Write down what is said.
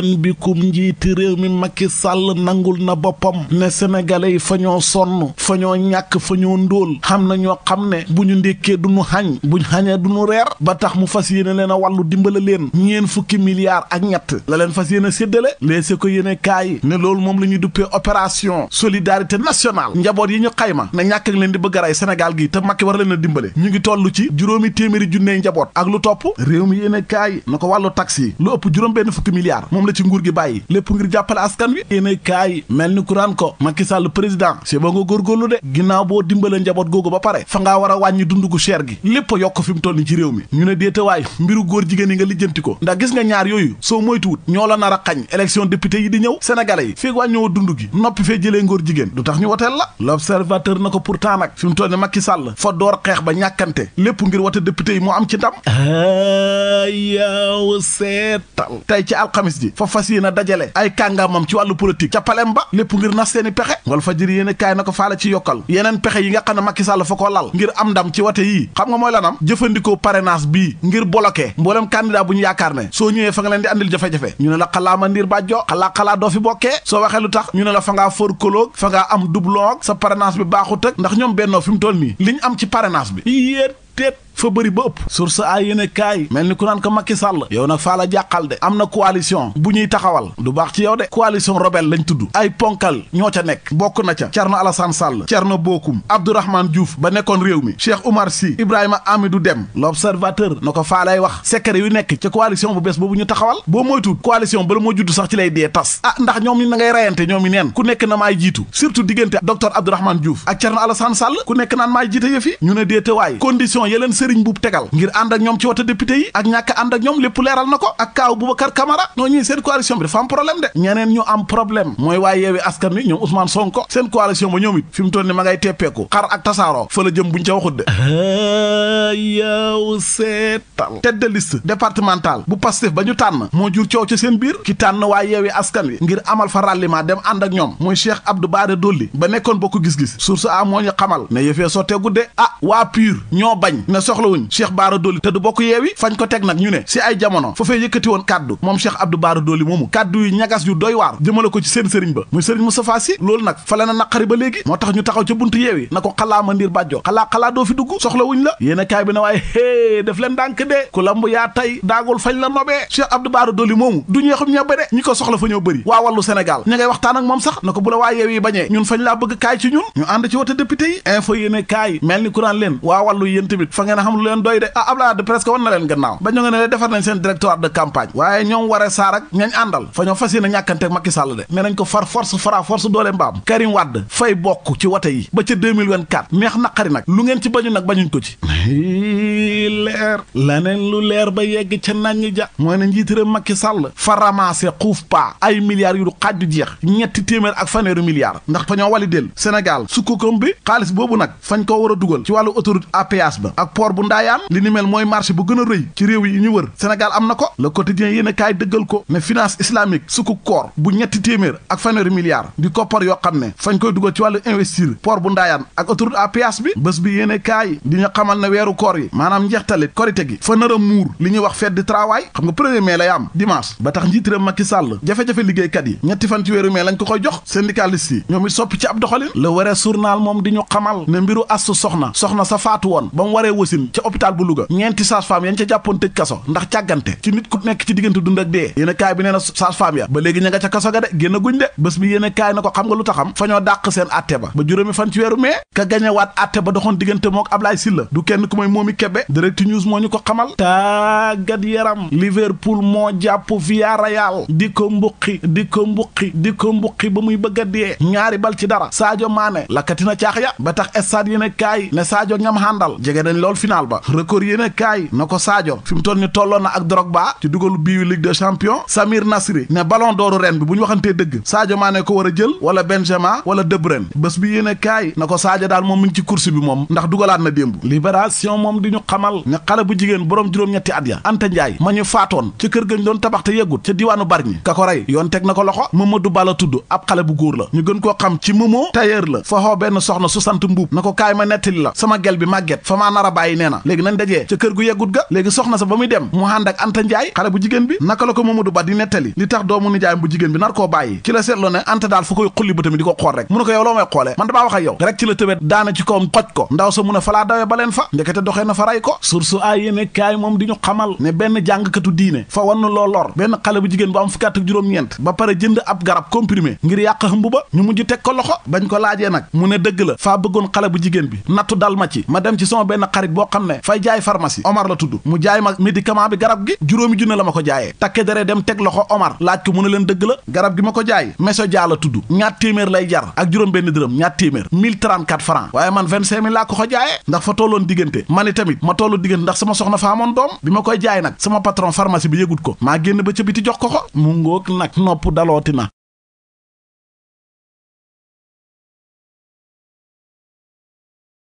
waxtaan bikum njiiti réew mi Macky Sall nangul na boppam ne sénégalais yi fa ñoo sonn ñàkk fa ñoo ndóol xam na ñoo xam ne bu ñu ndékkee du ñu xañ bu xañee du ñu reer ba tax mu fas yéene leen a wàllu dimbala leen ñeen fukki milliards ak ñett la leen fas a séddale léese ko yéene kaay ne loolu moom la ñuy duppee opération solidarité nationale njaboot yi ñu xayma ne ñàkk ak leen di bëgg a rey Sénégal gi te Macky war leen a dimbale ñu ngi toll ci juróomi téeméeri junney njaboot ak lu topp réew mi yéene kaay na ko wàllu taxi lu ëpp juróom benn fukki milliards moom la ci nguur gi bàyyi lépp ngir jàppale askan wi yéen a kaay mel ni kuraan ko Macky Sall président si ba nga góorgóorlu de ginnaaw boo dimbale njaboot googu ba pare fa ngaa war a wàññi dund gu cher gi lépp a yokk fi mu toll ni ci réew mi ñu ne déetawaay mbiru góor jigéen yi nga lijjanti ko nda gis nga ñaar yooyu soo moytuwut ñoo la nar a xañ élection député yi di ñëw sénégalais yi feeg wàññoo dund gi noppi fee jëlee ngóor jigéen du tax ñu woteel la l'observateur na ko pourtant nag fi mu toll ni Macky Sall fa xeex ba ñàkkante lépp ngir wote député yi moo am ci ndam yow seetal ci alxamis ji ji fa fas yéene dajale ay kàngaamam ci wàllu politique ca palem ba lépp ngir nas seeni pexe wal fajiri yéene kaay na ko faala ci yokkal yeneen pexe yi nga xam ne Macky Sall ko lal ngir am ndam ci wate yii xam nga mooy lanam jëfandikoo parrainage bii ngir bloqué mboolem candidat bu ñu yaakaar ne soo ñëwee fa nga leen di andil jafe-jafe ñu ne la xalaa ma ndiir bàjjo xalaa xalaa doo fi bokkee soo waxee lu tax ñu ne la fa ngaa forkoloog fa ngaa am doublon sa parrainage bi baaxut ak ndax ñoom bennoo fi mu toll nii liñ am ci parrainage bi yéet fa bëri ba ëpp source ay yéen kaay mel ni ku naan ko Macky Sall yow nag faa la jàqal de am na coalition bu ñuy taxawal du baax ci yow de coalition rebelle lañ tudd ay ponkal ñoo ca nekk bokk na ca car Thierno Alassane Sall Thierno Bokum Abdourahmane juuf ba nekkoon réew mi Cheikh Oumar Sy Ibrahima Amidou Dem l'observateur na ko faa lay wax secret yu nekk ca coalition bu bees boobu ñu taxawal boo moytu coalition bala moo judd sax ci lay dee tas ah ndax ñoom ñi na ngay rayante ñoom neen ku nekk na maay jiitu surtout diggante docteur Abdourahmane Diouf ak Thierno Sall ku nekk naan maay jiite ñu ne déete waay sëriñ buub tegal ngir ànd ak ñoom ci wote député yi ak ñàkk ànd ak ñoom lépp leeral na ko ak kaaw Boubacar Camara ñoo ñuy seen coalition bi dafa am problème de ñeneen ñu am problème mooy waa yeewi askan wi ñoom Ousmane Sonko seen coalition ba ñoom it fi mu toll ni ma ngay teppeeku xar ak tasaaroo fa la jëm buñ ca waxut de ah, yow seetal tête de liste départementale bu Pastef ba ñu tànn moo jur coow ca seen biir ki tànn waa yeewi askan wi ngir amal fa ralliement dem ànd ak ñoom mooy Cheikh Abdou Bara Dolli ba nekkoon bokk gis-gis source a moo ñu xamal ne yëfee sotteegu de ah waa PUR ñoo bañ ne sox soxlawuñ Cheikh Bara Dolly te du bokk yeewi fañ ko teg nag ñu ne si ay jamono fa fee yëkkati woon kaddu moom Cheikh Abdou Bara Dolly moomu kaddu yu ñagas yu doy waar jëmale ko ci seen sëriñ ba muy sëriñ Moustapha Sy loolu nag fa la na naqari ba léegi moo tax ñu taxaw ca buntu yeewi na ko xalaa ma ndir bàjjo xalaa xalaa doo fi dugg soxlawuñ la yéen a bi na waaye hée def leen dànk de ku lamb yaa tay daagul fañ la nobee Cheikh Abdou Bara Dolly moomu du xam lu leen doy de ah Abdoulaye Wade presque wan na leen gannaaw ba ñu nga ne defar nañ seen directoire de campagne waaye ñoom Waré Sarr ñañ àndal fa ñoo fas yéene ñàkkanteeg Macky Sall de ne nañ ko far force fara force doole mbaam Karim Wade fay bokk ci wote yi ba ca 2024 neex naqari nag lu ngeen ci bañu nag bañuñ ko ci leer lu leer ba yegg ca naññ ja mooy ne njiitëram Macky Sall fa ramassé xuuf paa ay milliards yu du xaaj jeex ñetti téeméer ak faneeru milliards ndax fa ñoo wali del Sénégal sukkukom bi xaalis boobu nag fañ koo war a dugal ci wàllu autoroute à péage ba ak port bu ndaayaan li ni mel mooy marché bu gën a rëy ci réew yi ñu wër Sénégal am na ko le quotidien yéen a kaay dëggal ko ne finance islamique sukku koor bu ñetti téeméer ak faneeru milliards di koppar yoo xam ne fañ koy dugal ci wàllu investir port bu ndaayaan ak autoroute bi bés bi yéen a kaay di ñu xamal njeextali korite gi fa nar a muur li ñuy wax fête du travail xam nga premier mai lay am dimanche ba tax njiitëram Macky Sall jafe-jafe liggéeykat yi ñetti fan ci weeru mai lañ ko koy jox syndicaliste yi ñoom soppi ci ab doxalin la waree journal moom di ñu xamal ne mbiru astu soxna soxna sa faatu woon ba mu waree wasin ca hôpital bu Louga ñeenti sage-femme yañ ca jàppoon tëj kaso ndax càggante ci nit ku nekk ci diggante dund ak dee yéen bi nee na sage-femme na ko xam nga lu taxam fa ñoo dàq seen atte ba ba juróomi fan ci weeru mai ka gañewaat direct news moo ñu ko xamal tàggat yaram Liverpool moo jàpp Villarreal di ko mbuqi di ko mbuqi di ko mbuqi ba muy bëgg a dee ñaari bal ci dara saajo Sadio Mané lakkatina caax ya ba tax stade yéen a kaay ne Sadio ñam xàndal jege nañ lool final ba record yéen a kaay na ko Sadio fi mu toll ni tolloon na ak dorog Drogba ci dugalu biiwu Ligue des Champions Samir Nasri ne ballon d'oru ren bi bu ñu waxantee dëgg saajo maane ko war a jël wala Benzema wala De Bruyne bés bi yéen a kaay na ko Sadio daal moom mi ngi ci course bi moom ndax dugalaat na démb xamal ne xale bu jigéen boroom juróom-ñetti at ya Anta Njaay ma ñu faatoon ca kër gañ doon tabax te yeggut ca diwaanu Bargny ka ko rey yoon teg na ko loxo ba Bala tudd ab xale bu góor la ñu gën koo xam ci Momo tailleur la fa xoo benn soxna su sant mbuub na ko kaay ma nettali la sama gel bi màgget fa maa nar a bàyyi nee na léegi nañ dajee ca kër gu yeggut ga léegi soxna sa ba muy dem mu ànd ak Anta Njaay xale bu jigéen bi naka la ko Mamadou Ba ba di ko a source ay yéene kaay moom di ñu xamal ne benn jàngkatu diine fa wan na loo lor benn xale bu jigéen bu am fukki at ak juróom-ñeent ba pare jënd ab garab comprimé ngir yàq xëmb ba ñu mujj teg ko loxo bañ ko laajee nag mu ne dëgg la faa bëggoon xale bu jigéen bi nattu dal ma ci ma dem ci sama benn xarit boo xam ne fay jaay pharmacie Omar la tudd mu jaay ma médicament bi garab gi juróomi junne la ma ko jaayee takke dere dem teg loxo Omar laaj ko mu ne leen dëgg la garab gi ma ko jaay meso jaa la tudd ñaat téeméer lay jar ak juróom benn dërëm ñaat téeméer 1034 francs waaye man 25 000 ko ko jaayee ndax fa tolloon diggante ma ni tamit tollu diggante ndax sama soxna fa amoon doom bi ma koy jaay nag sama patron pharmacie bi yëgut ko maa génn ba ca biti jox ko ko mu ngoog nag nopp dalooti na